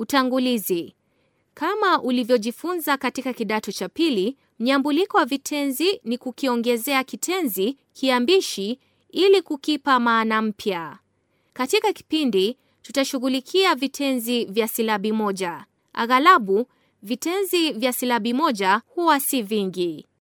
Utangulizi. Kama ulivyojifunza katika kidato cha pili, mnyambuliko wa vitenzi ni kukiongezea kitenzi kiambishi ili kukipa maana mpya. Katika kipindi tutashughulikia vitenzi vya silabi moja. Aghalabu vitenzi vya silabi moja huwa si vingi.